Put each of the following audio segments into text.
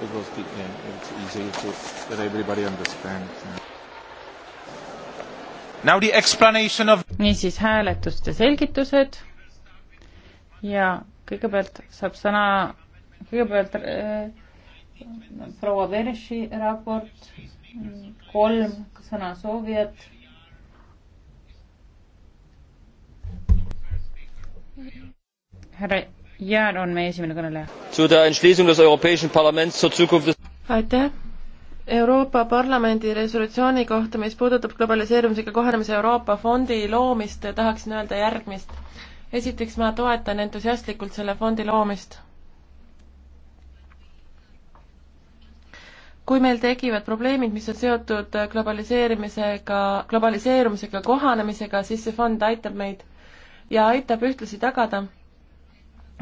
because the, yeah, it's easier to, that everybody understands. Now the explanation of niisiis hääletuste selgitused ja kõigepealt saab sõna, kõigepealt äh, proua Vereši raport, kolm sõnasoovijat. härra Jaan on meie esimene kõneleja. aitäh. Euroopa Parlamendi resolutsiooni kohta, mis puudutab globaliseerumisega kohanemise Euroopa fondi loomist, tahaksin öelda järgmist. esiteks ma toetan entusiastlikult selle fondi loomist. kui meil tekivad probleemid, mis on seotud globaliseerimisega, globaliseerumisega kohanemisega, siis see fond aitab meid ja aitab ühtlasi tagada,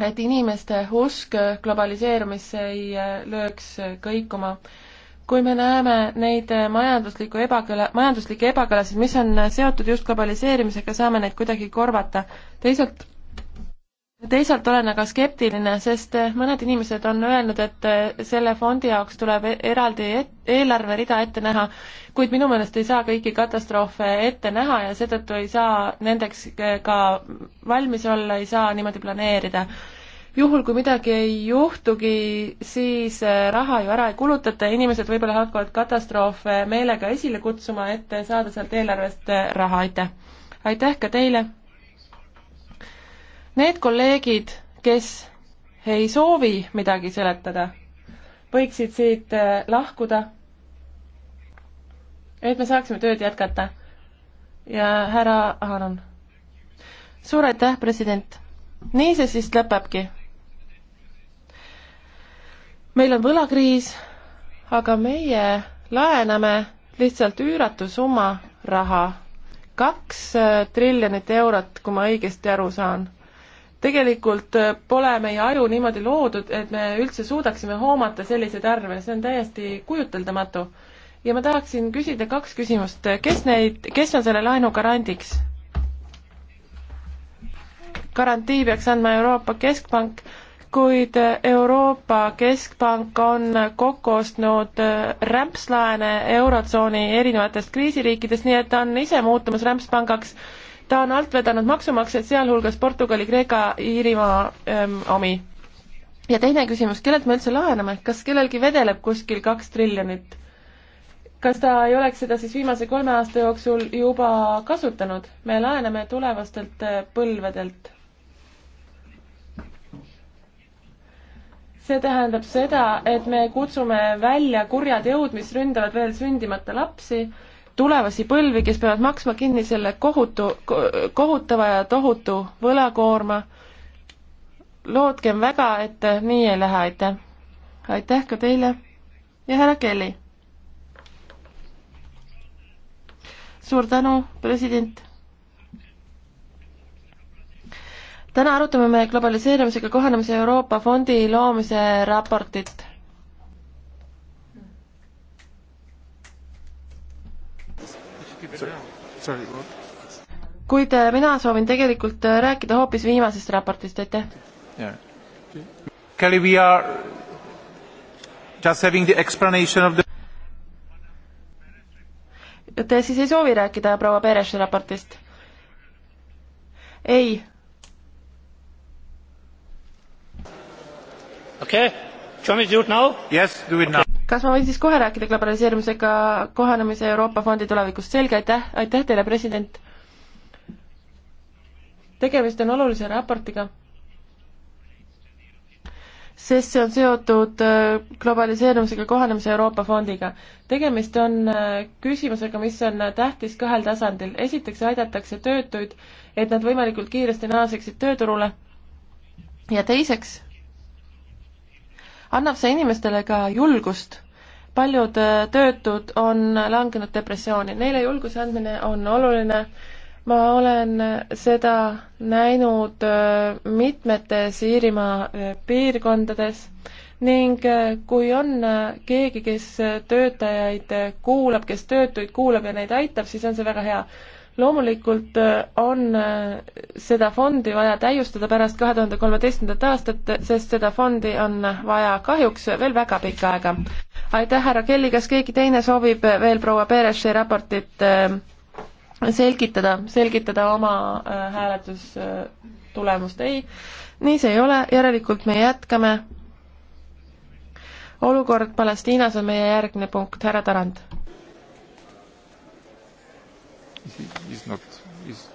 et inimeste usk globaliseerumisse ei äh, lööks kõikuma. kui me näeme neid äh, majanduslikku ebakõla, majanduslikke ebakõlasid, mis on äh, seotud just globaliseerimisega, saame neid kuidagi korvata. teisalt teisalt olen aga skeptiline, sest mõned inimesed on öelnud, et selle fondi jaoks tuleb e-, eraldi et, eelarverida ette näha, kuid minu meelest ei saa kõiki katastroofe ette näha ja seetõttu ei saa nendeks ka valmis olla, ei saa niimoodi planeerida. juhul, kui midagi ei juhtugi, siis raha ju ära ei kulutata ja inimesed võib-olla hakkavad katastroofe meelega esile kutsuma, et saada sealt eelarvest raha, aitäh! aitäh ka teile! Need kolleegid, kes ei soovi midagi seletada, võiksid siit äh, lahkuda, et me saaksime tööd jätkata. ja härra Aharon. suur aitäh, president. nii see siis lõpebki. meil on võlakriis, aga meie laename lihtsalt üüratu summa raha, kaks äh, triljonit eurot, kui ma õigesti aru saan tegelikult äh, pole meie aju niimoodi loodud, et me üldse suudaksime hoomata selliseid arve, see on täiesti kujuteldamatu. ja ma tahaksin küsida kaks küsimust, kes neid, kes on selle laenu garandiks? garantii peaks andma Euroopa Keskpank, kuid Euroopa Keskpank on kokku ostnud äh, rämpslaene Eurotsooni erinevatest kriisiriikidest, nii et ta on ise muutumas rämpspangaks ta on alt vedanud maksumaksjaid, sealhulgas Portugali, Kreeka, Iirimaa ähm, omi. ja teine küsimus, kellelt me üldse laename, kas kellelgi vedeleb kuskil kaks triljonit? kas ta ei oleks seda siis viimase kolme aasta jooksul juba kasutanud? me laename tulevastelt äh, põlvedelt. see tähendab seda, et me kutsume välja kurjad jõud, mis ründavad veel sündimata lapsi tulevasi põlvi, kes peavad maksma kinni selle kohutu, kohutava ja tohutu võlakoorma. lootkem väga, et nii ei lähe, aitäh. aitäh ka teile ja härra Kelly. suur tänu, president täna arutame me globaliseerimisega kohanemise Euroopa fondi loomise raportit kuid äh, mina soovin tegelikult äh, rääkida hoopis viimasest raportist, aitäh yeah.. Kelly, we are just having the explanation of the Te siis ei soovi rääkida proua Pereši raportist? ei. okei okay., do you want me to do it now? Yes, do it okay. now kas ma võin siis kohe rääkida globaliseerimisega kohanemise Euroopa Fondi tulevikust? selge, aitäh, aitäh teile, president! tegemist on olulise raportiga, sest see on seotud äh, globaliseerumisega kohanemise Euroopa Fondiga. tegemist on äh, küsimusega, mis on tähtis kahel tasandil. esiteks aidatakse töötuid, et nad võimalikult kiiresti naaseksid tööturule ja teiseks annab see inimestele ka julgust. paljud äh, töötud on langenud depressiooni, neile julguse andmine on oluline. ma olen äh, seda näinud äh, mitmetes Iirimaa piirkondades ning kui on keegi, kes töötajaid kuulab, kes töötuid kuulab ja neid aitab, siis on see väga hea loomulikult äh, on äh, seda fondi vaja täiustada pärast kahe tuhande kolmeteistkümnendat aastat, sest seda fondi on vaja kahjuks veel väga pikka aega. aitäh, härra Kelly, kas keegi teine soovib veel proua Pereši raportit äh, selgitada, selgitada oma hääletustulemust, ei, nii see ei ole, järelikult me jätkame. olukord Palestiinas on meie järgmine punkt, härra Tarand is not is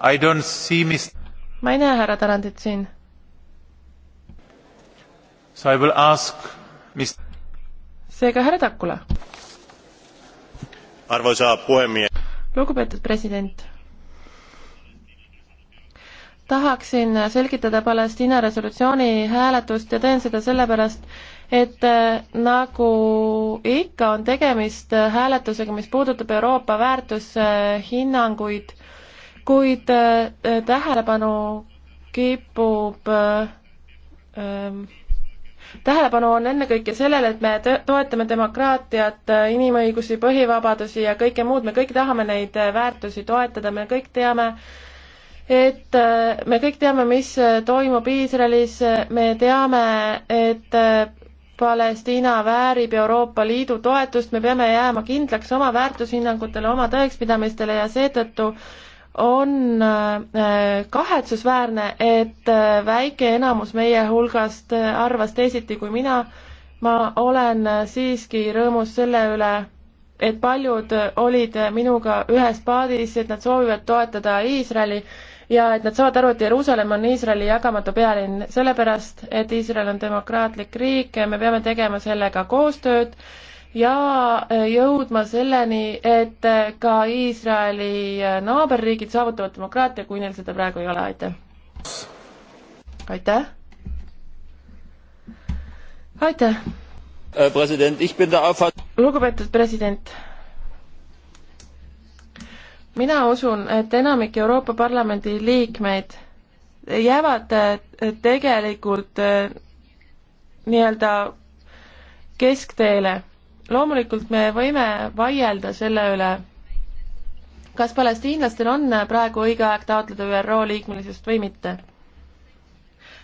I don't see Mr. ma ei näe härra Tarandit siin. So I will ask Mr. seega härra Takula. arvoisa puhemies. lugupeetud president. tahaksin selgitada Palestiina resolutsiooni hääletust ja teen seda sellepärast, et äh, nagu ikka, on tegemist äh, hääletusega, mis puudutab Euroopa väärtushinnanguid, kuid äh, tähelepanu kipub ähm, tähelepanu on ennekõike sellele, et me toetame demokraatiat, inimõigusi, põhivabadusi ja kõike muud, me kõik tahame neid väärtusi toetada, me kõik teame, et me kõik teame, mis toimub Iisraelis, me teame, et Palestiina väärib Euroopa Liidu toetust, me peame jääma kindlaks oma väärtushinnangutele, oma tõekspidamistele ja seetõttu on äh, kahetsusväärne, et äh, väike enamus meie hulgast äh, arvas teisiti kui mina. ma olen siiski rõõmus selle üle, et paljud olid minuga ühes paadis, et nad soovivad toetada Iisraeli ja et nad saavad aru, et Jeruusalemm on Iisraeli jagamatu pealinn, sellepärast et Iisrael on demokraatlik riik ja me peame tegema sellega koostööd ja äh, jõudma selleni, et äh, ka Iisraeli äh, naaberriigid saavutavad demokraatia, kui neil seda praegu ei ole, aitäh! aitäh! aitäh! lugupeetud president mina usun, et enamik Euroopa Parlamendi liikmeid jäävad eh, tegelikult eh, nii-öelda keskteele. loomulikult me võime vaielda selle üle, kas palestiinlastel on praegu õige aeg taotleda ÜRO liikmelisust või mitte.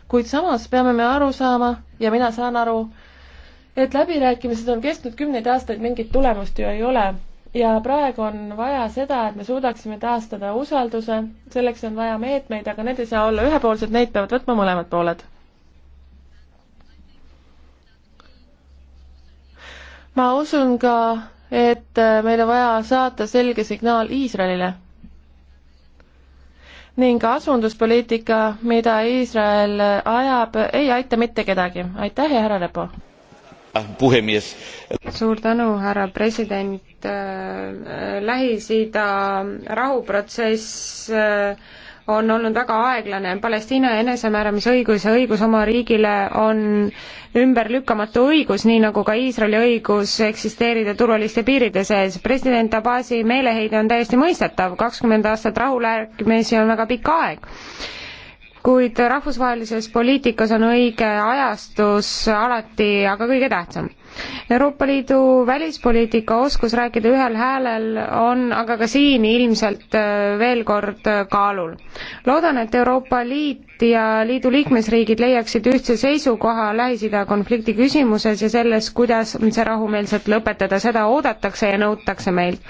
kuid samas peame me aru saama ja mina saan aru, et läbirääkimised on kestnud kümneid aastaid, mingit tulemust ju ei ole ja praegu on vaja seda, et me suudaksime taastada usalduse, selleks on vaja meetmeid, aga need ei saa olla ühepoolsed, neid peavad võtma mõlemad pooled. ma usun ka, et meil on vaja saata selge signaal Iisraelile ning asunduspoliitika, mida Iisrael ajab, ei aita mitte kedagi. aitäh ja härra Repo! Ah, puhemies. suur tänu, härra president. Äh, Lähis-Ida rahuprotsess äh, on olnud väga aeglane. Palestiina enesemääramisõigus ja õigus oma riigile on ümberlükkamatu õigus, nii nagu ka Iisraeli õigus eksisteerida turvaliste piiride sees. president Abasi meeleheide on täiesti mõistetav, kakskümmend aastat rahulärkimisi on väga pikk aeg kuid rahvusvahelises poliitikas on õige ajastus alati aga kõige tähtsam Euroopa Liidu välispoliitika oskus rääkida ühel häälel on aga ka siin ilmselt äh, veel kord äh, kaalul. loodan, et Euroopa Liit ja liidu liikmesriigid leiaksid ühtse seisukoha Lähis-Ida konflikti küsimuses ja selles, kuidas see rahumeelselt lõpetada, seda oodatakse ja nõutakse meilt.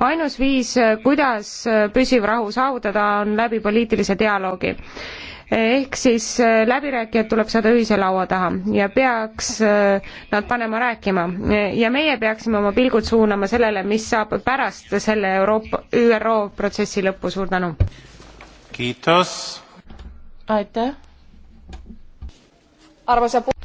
ainus viis, äh, kuidas püsiv rahu saavutada, on läbi poliitilise dialoogi ehk siis äh, läbirääkijad tuleb saada ühise laua taha ja peaks äh, nad panema rääkima. ja meie peaksime oma pilgud suunama sellele, mis saab pärast selle Euroopa, ÜRO protsessi lõppu, suur tänu! aitäh! arvoisa pu-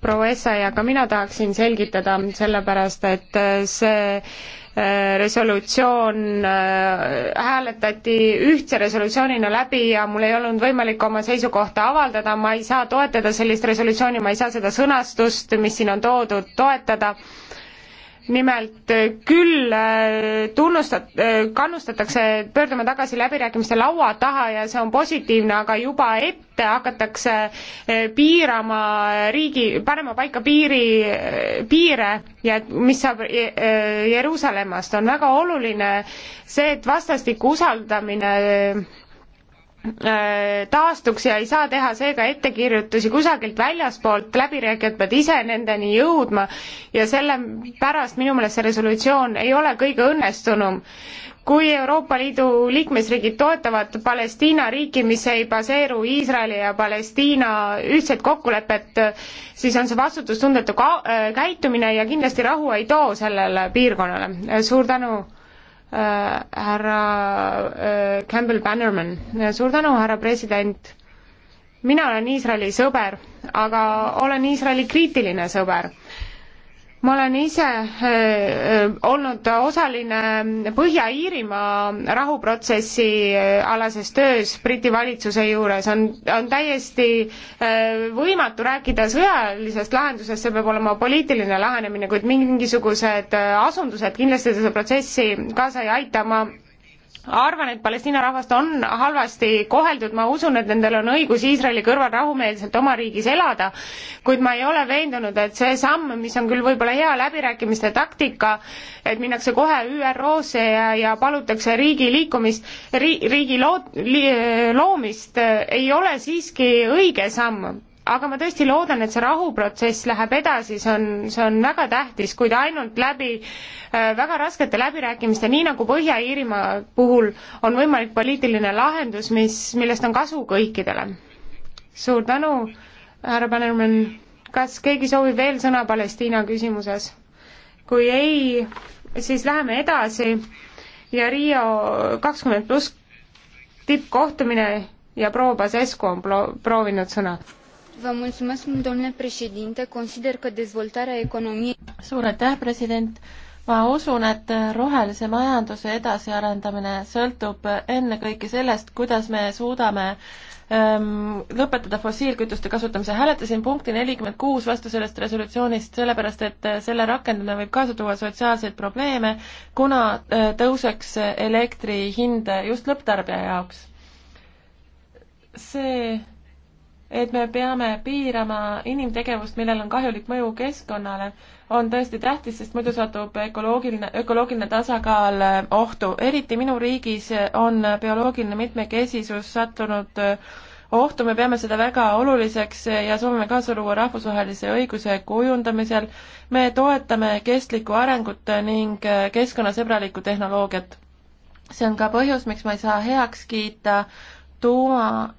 proua Essaja, ka mina tahaksin selgitada, sellepärast et äh, see äh, resolutsioon äh, hääletati ühtse resolutsioonina läbi ja mul ei olnud võimalik oma seisukohta avaldada, ma ei saa toetada sellist resolutsiooni, ma ei saa seda sõnastust, mis siin on toodud, toetada nimelt äh, küll äh, tunnustat-, äh, kannustatakse pöörduma tagasi läbirääkimiste laua taha ja see on positiivne, aga juba ette hakatakse piirama riigi, panema paika piiri, piire ja mis saab Jeruusalemmast, on väga oluline see, et vastastikku usaldamine Äh, taastuks ja ei saa teha seega ettekirjutusi kusagilt väljaspoolt, läbirääkijad peavad ise nendeni jõudma ja sellepärast minu meelest see resolutsioon ei ole kõige õnnestunum. kui Euroopa Liidu liikmesriigid toetavad Palestiina riiki, mis ei baseeru Iisraeli ja Palestiina ühtset kokkulepet, siis on see vastutustundetu ka-, äh, käitumine ja kindlasti rahu ei too sellele piirkonnale. suur tänu Äh, härra äh, Campbell Bannerman. suur tänu, härra president. mina olen Iisraeli sõber, aga olen Iisraeli kriitiline sõber ma olen ise eh, eh, olnud osaline Põhja-Iirimaa rahuprotsessi eh, alases töös Briti valitsuse juures, on, on täiesti võimatu rääkida sõjalisest lahendusest, see peab olema poliitiline lähenemine, kuid mingisugused asundused kindlasti seda protsessi kaasa ei aita, ma arvan, et Palestiina rahvast on halvasti koheldud, ma usun, et nendel on õigus Iisraeli kõrval rahumeelselt oma riigis elada, kuid ma ei ole veendunud, et see samm, mis on küll võib-olla hea läbirääkimiste taktika, et minnakse kohe ÜRO-sse ja, ja palutakse riigi liikumist ri,, riigi loo- li,, loomist, ei ole siiski õige samm aga ma tõesti loodan, et see rahuprotsess läheb edasi, see on, see on väga tähtis, kuid ainult läbi äh, väga raskete läbirääkimiste, nii nagu Põhja-Iirimaa puhul on võimalik poliitiline lahendus, mis, millest on kasu kõikidele. suur tänu, härra Panermann. kas keegi soovib veel sõna Palestiina küsimuses? kui ei, siis läheme edasi ja Riio kakskümmend pluss tippkohtumine ja proua Pasescu on proovinud sõna consider că dezvoltarea economiei. suur aitäh, president. ma usun, et rohelise majanduse edasiarendamine sõltub ennekõike sellest, kuidas me suudame ähm, lõpetada fossiilkütuste kasutamise. hääletasin punkti nelikümmend kuus vastu sellest resolutsioonist, sellepärast et selle rakendamine võib kaasa tuua sotsiaalseid probleeme, kuna äh, tõuseks elektri hind just lõpptarbija jaoks. see et me peame piirama inimtegevust, millel on kahjulik mõju keskkonnale, on tõesti tähtis, sest muidu satub ökoloogiline, ökoloogiline tasakaal äh, ohtu. eriti minu riigis on bioloogiline mitmekesisus sattunud äh, ohtu, me peame seda väga oluliseks ja soovime kaasa luua rahvusvahelise õiguse kujundamisel. me toetame kestlikku arengut ning äh, keskkonnasõbralikku tehnoloogiat. see on ka põhjus, miks ma ei saa heaks kiita tuuma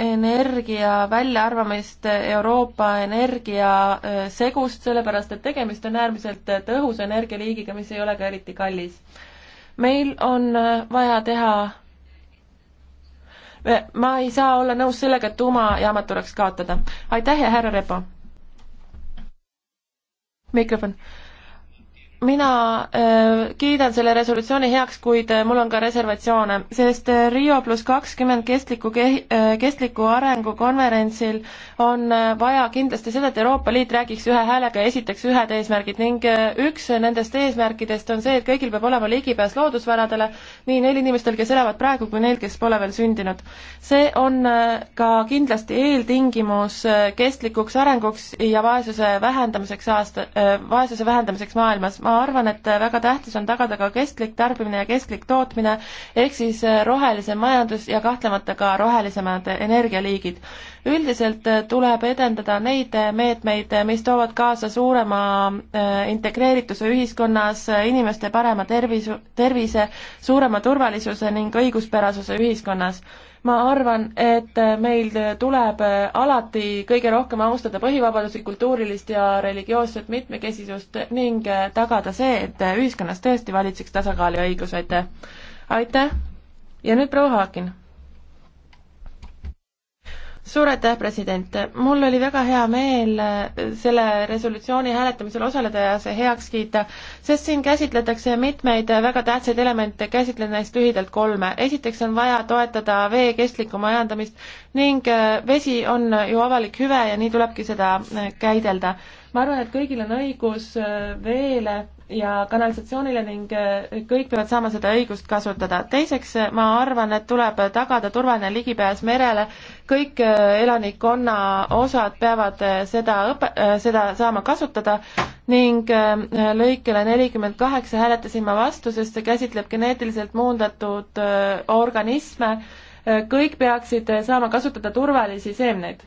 energia väljaarvamist Euroopa energiasegust, äh, sellepärast et tegemist on äärmiselt tõhusa energialiigiga, mis ei ole ka eriti kallis. meil on äh, vaja teha äh, ma ei saa olla nõus sellega, et tuumajaamad tuleks kaotada. aitäh ja härra Repo! mikrofon mina äh, kiidan selle resolutsiooni heaks, kuid äh, mul on ka reservatsioone, sest äh, Rio pluss kakskümmend kestliku ke- äh,, kestliku arengu konverentsil on äh, vaja kindlasti seda, et Euroopa Liit räägiks ühe häälega ja esitaks ühed eesmärgid ning äh, üks nendest eesmärkidest on see, et kõigil peab olema ligipääs loodusvaradele, nii neil inimestel, kes elavad praegu, kui neil, kes pole veel sündinud. see on äh, ka kindlasti eeltingimus äh, kestlikuks arenguks ja vaesuse vähendamiseks aasta äh,, vaesuse vähendamiseks maailmas ma arvan, et väga tähtis on tagada ka kestlik tarbimine ja kestlik tootmine, ehk siis rohelisem majandus ja kahtlemata ka rohelisemad energialiigid üldiselt äh, tuleb edendada neid äh, meetmeid, äh, mis toovad kaasa suurema integreerituse ühiskonnas, inimeste parema tervis, tervise, suurema turvalisuse ning õiguspärasuse ühiskonnas. ma arvan, et meil tuleb alati kõige rohkem austada põhivabadusi, kultuurilist ja religioosset mitmekesisust ning tagada see, et ühiskonnas tõesti valitseks tasakaal ja õiglus, aitäh! aitäh! ja nüüd proua Haakin suur aitäh, president! mul oli väga hea meel äh, selle resolutsiooni hääletamisel osaleda ja see heaks kiita, sest siin käsitletakse mitmeid äh, väga tähtsaid elemente, käsitlen neist lühidalt kolme. esiteks on vaja toetada vee kestlikku majandamist ning äh, vesi on ju avalik hüve ja nii tulebki seda käidelda ma arvan, et kõigil on õigus äh, veele ja kanalisatsioonile ning äh, kõik peavad saama seda õigust kasutada. teiseks, äh, ma arvan, et tuleb tagada turvaline ligipääs merele, kõik elanikkonna osad peavad seda õpe-, seda saama kasutada ning lõikele nelikümmend kaheksa hääletasin ma vastu, sest see käsitleb geneetiliselt muundatud organisme, kõik peaksid saama kasutada turvalisi seemneid.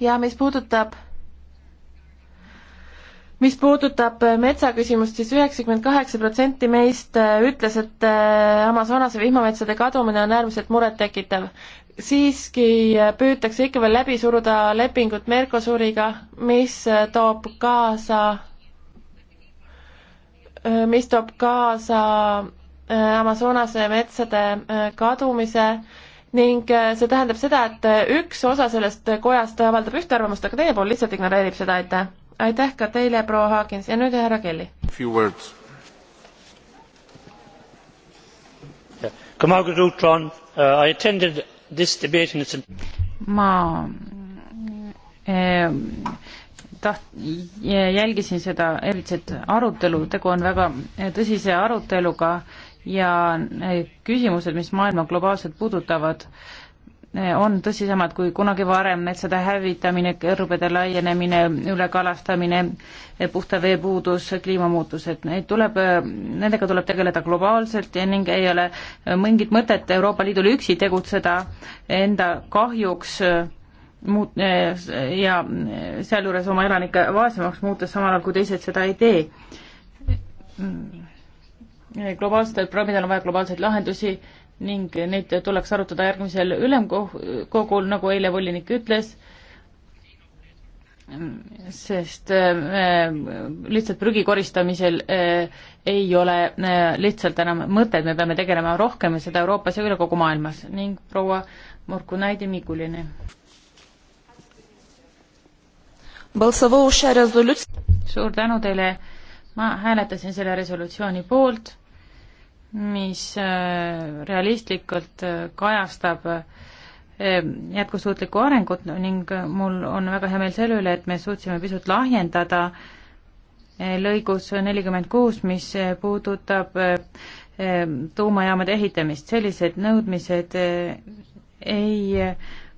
ja mis puudutab mis puudutab äh, metsaküsimust, siis üheksakümmend kaheksa protsenti meist äh, ütles, et äh, Amazonase vihmametsade kadumine on äärmiselt murettekitav. siiski püütakse ikka veel läbi suruda lepingut Mercosuriga, mis toob kaasa, mis toob kaasa Amazonase metsade kadumise ning see tähendab seda, et üks osa sellest kojast avaldab ühte arvamust, aga teine pool lihtsalt ignoreerib seda, aitäh aitäh ka teile, proua Haagins ja nüüd härra Kelly. Uh, ma eh, taht-, jälgisin seda erilist arutelu, tegu on väga eh, tõsise aruteluga ja eh, küsimused, mis maailma globaalselt puudutavad äh,, on tõsisemad kui kunagi varem, metsade hävitamine, kõrbede laienemine, ülekalastamine, puhta vee puudus, kliimamuutused, neid tuleb, nendega tuleb tegeleda globaalselt ja ning ei ole mingit mõtet Euroopa Liidul üksi tegutseda enda kahjuks muut- ja sealjuures oma elanikke vaesemaks muutes, samal ajal kui teised seda ei tee. globaalsetel probleemidel on vaja globaalseid lahendusi ning neid tuleks arutada järgmisel ülemkogul, nagu eile volinik ütles, sest äh, lihtsalt prügi koristamisel äh, ei ole äh, lihtsalt enam mõtet, me peame tegelema rohkem seda Euroopas ja üle kogu maailmas ning proua Morkunaidi Mikuline. suur tänu teile, ma hääletasin selle resolutsiooni poolt mis äh, realistlikult äh, kajastab äh, jätkusuutlikku arengut ning mul on väga hea meel selle üle, et me suutsime pisut lahjendada lõigus nelikümmend kuus, mis puudutab tuumajaamade ehitamist. sellised nõudmised ei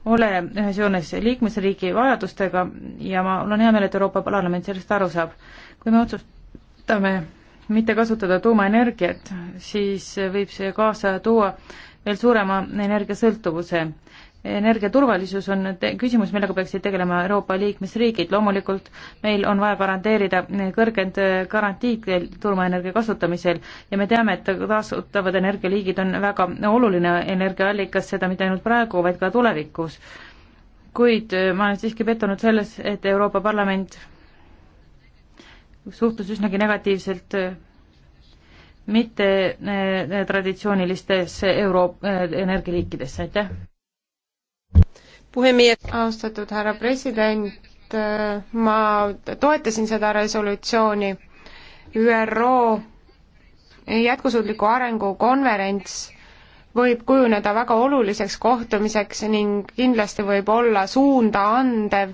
ole ühes joones liikmesriigi vajadustega ja ma, mul on hea meel, et Euroopa Parlament sellest aru saab. kui me otsustame mitte kasutada tuumaenergiat, siis võib see kaasa tuua veel suurema energiasõltuvuse. energiaturvalisus on küsimus, millega peaksid tegelema Euroopa liikmesriigid, loomulikult meil on vaja garanteerida kõrged garantiid tuumaenergia kasutamisel ja me teame, et taastutavad energialiigid on väga oluline energiaallikas, seda mitte ainult praegu, vaid ka tulevikus. kuid ma olen siiski pettunud selles, et Euroopa Parlament suhtus üsnagi negatiivselt äh, mitte äh, traditsioonilistesse euro-, äh, energialiikidesse, aitäh! puhemees, austatud härra president, ma toetasin seda resolutsiooni. ÜRO jätkusuutliku arengu konverents võib kujuneda väga oluliseks kohtumiseks ning kindlasti võib olla suunda andev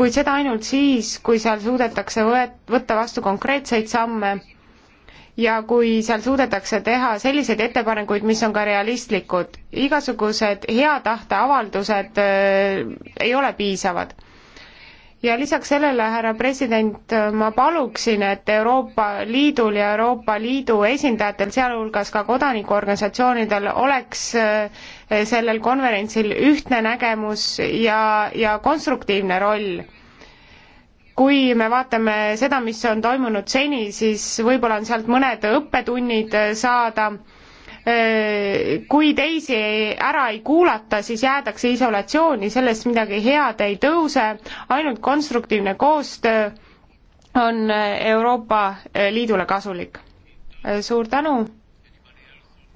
kuid seda ainult siis, kui seal suudetakse võet-, võtta vastu konkreetseid samme ja kui seal suudetakse teha selliseid ettepanekuid, mis on ka realistlikud. igasugused hea tahte avaldused äh, ei ole piisavad ja lisaks sellele, härra president, ma paluksin, et Euroopa Liidul ja Euroopa Liidu esindajatel, sealhulgas ka kodanikuorganisatsioonidel, oleks eh, sellel konverentsil ühtne nägemus ja, ja konstruktiivne roll kui me vaatame seda, mis on toimunud seni, siis võib-olla on sealt mõned õppetunnid saada Äh, kui teisi ära ei kuulata, siis jäädakse isolatsiooni, sellest midagi head ei tõuse, ainult konstruktiivne koostöö on Euroopa Liidule kasulik. Äh, suur tänu!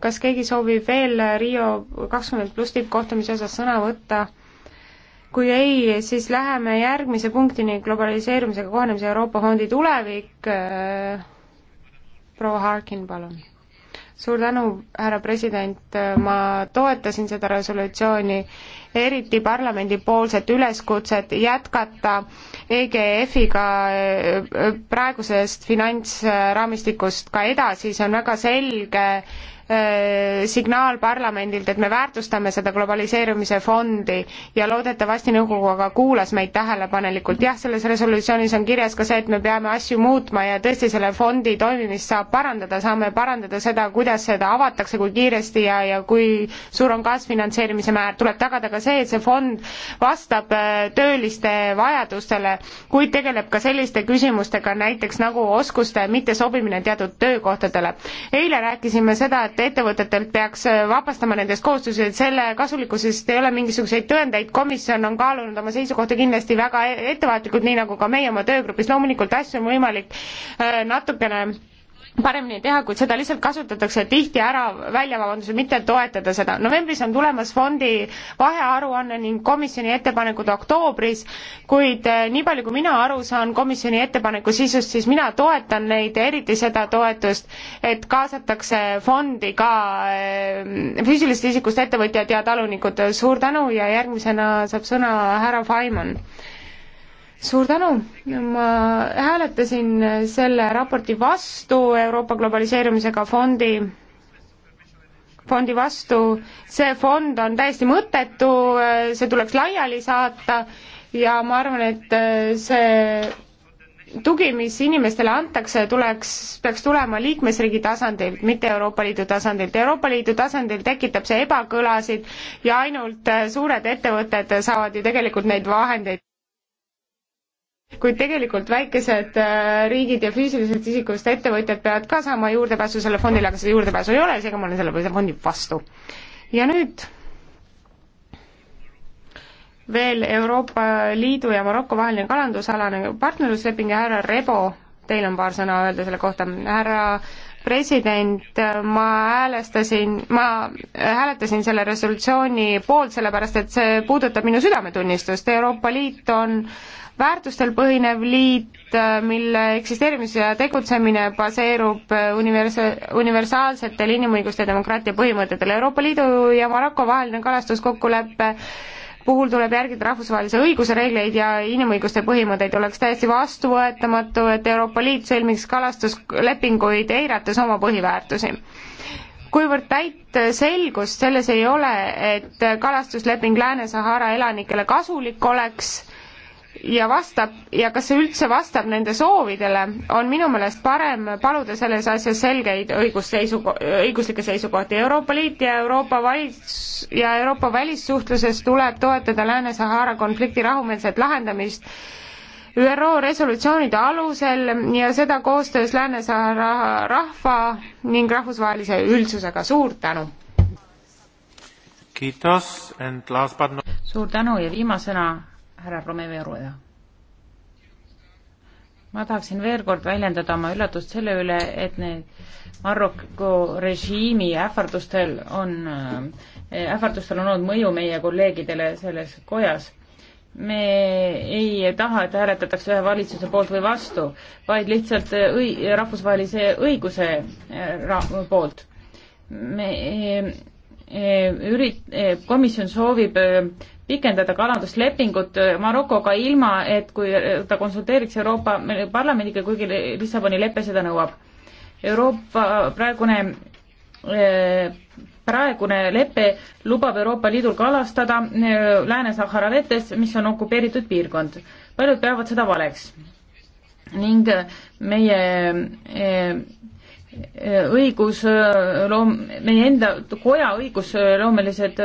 kas keegi soovib veel Rio kakskümmend pluss tippkohtumise osas sõna võtta? kui ei, siis läheme järgmise punktini, globaliseerumisega kohanemise Euroopa fondi tulevik. Äh, proua Harkin, palun suur tänu, härra president, ma toetasin seda resolutsiooni, eriti parlamendipoolset üleskutset jätkata EGF-iga eh, praegusest finantsraamistikust ka edasi, see on väga selge Äh, signaal parlamendilt, et me väärtustame seda globaliseerumise fondi ja loodetavasti nõukogu aga kuulas meid tähelepanelikult. jah, selles resolutsioonis on kirjas ka see, et me peame asju muutma ja tõesti selle fondi toimimist saab parandada, saame parandada seda, kuidas seda avatakse, kui kiiresti ja, ja kui suur on kaasfinantseerimise määr, tuleb tagada ka see, et see fond vastab äh, tööliste vajadustele, kuid tegeleb ka selliste küsimustega näiteks nagu oskuste mittesobimine teatud töökohtadele. eile rääkisime seda, et et ettevõtetelt peaks vabastama nendest kohustused, selle kasulikkusest ei ole mingisuguseid tõendeid, komisjon on kaalunud oma seisukohta kindlasti väga ettevaatlikult, nii nagu ka meie oma töögrupis, loomulikult asju on võimalik äh, natukene paremini teha, kuid seda lihtsalt kasutatakse tihti ära välja, vabandust, mitte toetada seda. novembris on tulemas fondi vahearuanne ning komisjoni ettepanekud oktoobris, kuid eh, nii palju, kui mina aru saan komisjoni ettepaneku sisust, siis mina toetan neid, eriti seda toetust, et kaasatakse fondi ka eh, füüsilisest isikust ettevõtjad ja talunikud. suur tänu ja järgmisena saab sõna härra Faimon suur tänu, ma hääletasin selle raporti vastu Euroopa globaliseerumisega fondi fondi vastu, see fond on täiesti mõttetu, see tuleks laiali saata ja ma arvan, et see tugi, mis inimestele antakse, tuleks, peaks tulema liikmesriigi tasandilt, mitte Euroopa Liidu tasandilt. Euroopa Liidu tasandil tekitab see ebakõlasid ja ainult suured ettevõtted saavad ju tegelikult neid vahendeid kuid tegelikult väikesed äh, riigid ja füüsilisest isikust ettevõtjad peavad ka saama juurdepääsu selle fondile, aga seda juurdepääsu ei ole, seega ma olen selle fondi vastu. ja nüüd veel Euroopa Liidu ja Maroko vaheline kalandusalane partnerlusleping ja härra Rebo, teil on paar sõna öelda selle kohta, härra president, ma häälestasin, ma hääletasin selle resolutsiooni poolt, sellepärast et see puudutab minu südametunnistust, Euroopa Liit on väärtustel põhinev liit, mille eksisteerimise ja tegutsemine baseerub universa-, universaalsetel inimõiguste ja demokraatia põhimõtetel. Euroopa Liidu ja Maroko vaheline kalastuskokkulepe puhul tuleb järgida rahvusvahelise õiguse reegleid ja inimõiguste põhimõtteid. oleks täiesti vastuvõetamatu, et Euroopa Liit sõlmiks kalastuslepinguid eirates oma põhiväärtusi kuivõrd täit selgust selles ei ole, et kalastusleping Lääne-Sahara elanikele kasulik oleks ja vastab ja kas see üldse vastab nende soovidele, on minu meelest parem paluda selles asjas selgeid õigusseisu, õiguslikke seisukohti. Euroopa Liit ja Euroopa valits- ja Euroopa välissuhtluses tuleb toetada Lääne-Sahara konflikti rahumeelset lahendamist ÜRO resolutsioonide alusel ja seda koostöös Lääne-Sahara rahva ning rahvusvahelise üldsusega. suur tänu! Not... suur tänu ja viimasena härra Romeo Rueda. ma tahaksin veel kord väljendada oma üllatust selle üle, et need Maroko režiimi ähvardustel on, äh, ähvardustel on olnud mõju meie kolleegidele selles kojas me ei taha, et hääletatakse ühe valitsuse poolt või vastu, vaid lihtsalt õi-, rahvusvahelise õiguse äh, ra-, poolt. me ürit-, komisjon soovib pikendada kalanduslepingut Marokoga ilma, et kui ta konsulteeriks Euroopa Parlamendiga, kuigi Lissaboni lepe seda nõuab. Euroopa praegune, praegune lepe lubab Euroopa Liidul kalastada Lääne-Sahara vetes, mis on okupeeritud piirkond. paljud peavad seda valeks ning meie õigusloom, äh, meie enda koja õigusloomelised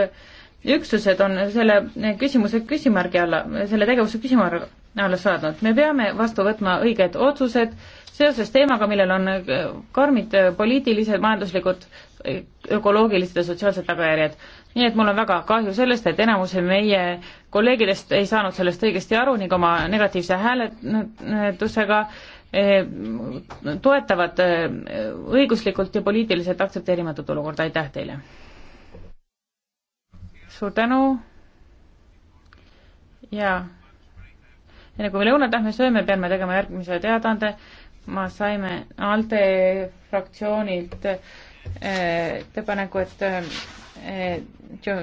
üksused on selle küsimuse küsimärgi alla, selle tegevuse küsimärgi alla saadnud. me peame vastu võtma õiged otsused seoses teemaga, millel on äh, karmid äh, poliitilised, majanduslikud, ökoloogilised ja sotsiaalsed tagajärjed. nii et mul on väga kahju sellest, et enamuse meie kolleegidest ei saanud sellest õigesti aru ning oma negatiivse hääletusega äh, Eh, toetavad eh, õiguslikult ja poliitiliselt aktsepteerimatut olukorda, aitäh teile! suur tänu ja enne kui me lõunat lähme sööme, peame tegema järgmise teadaande, ma saime ALDE fraktsioonilt eh, ettepaneku, et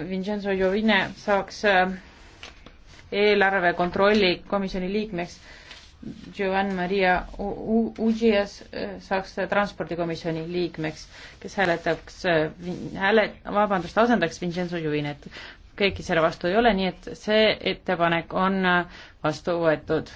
Vincenzo Jovine saaks eelarve kontrolli komisjoni liikmeks Joanne Maria Ugias äh, saaks äh, transpordikomisjoni liikmeks, kes hääletaks, äh, hääle, vabandust, asendaks Vincenzo Juvinet. keegi selle vastu ei ole, nii et see ettepanek on vastu võetud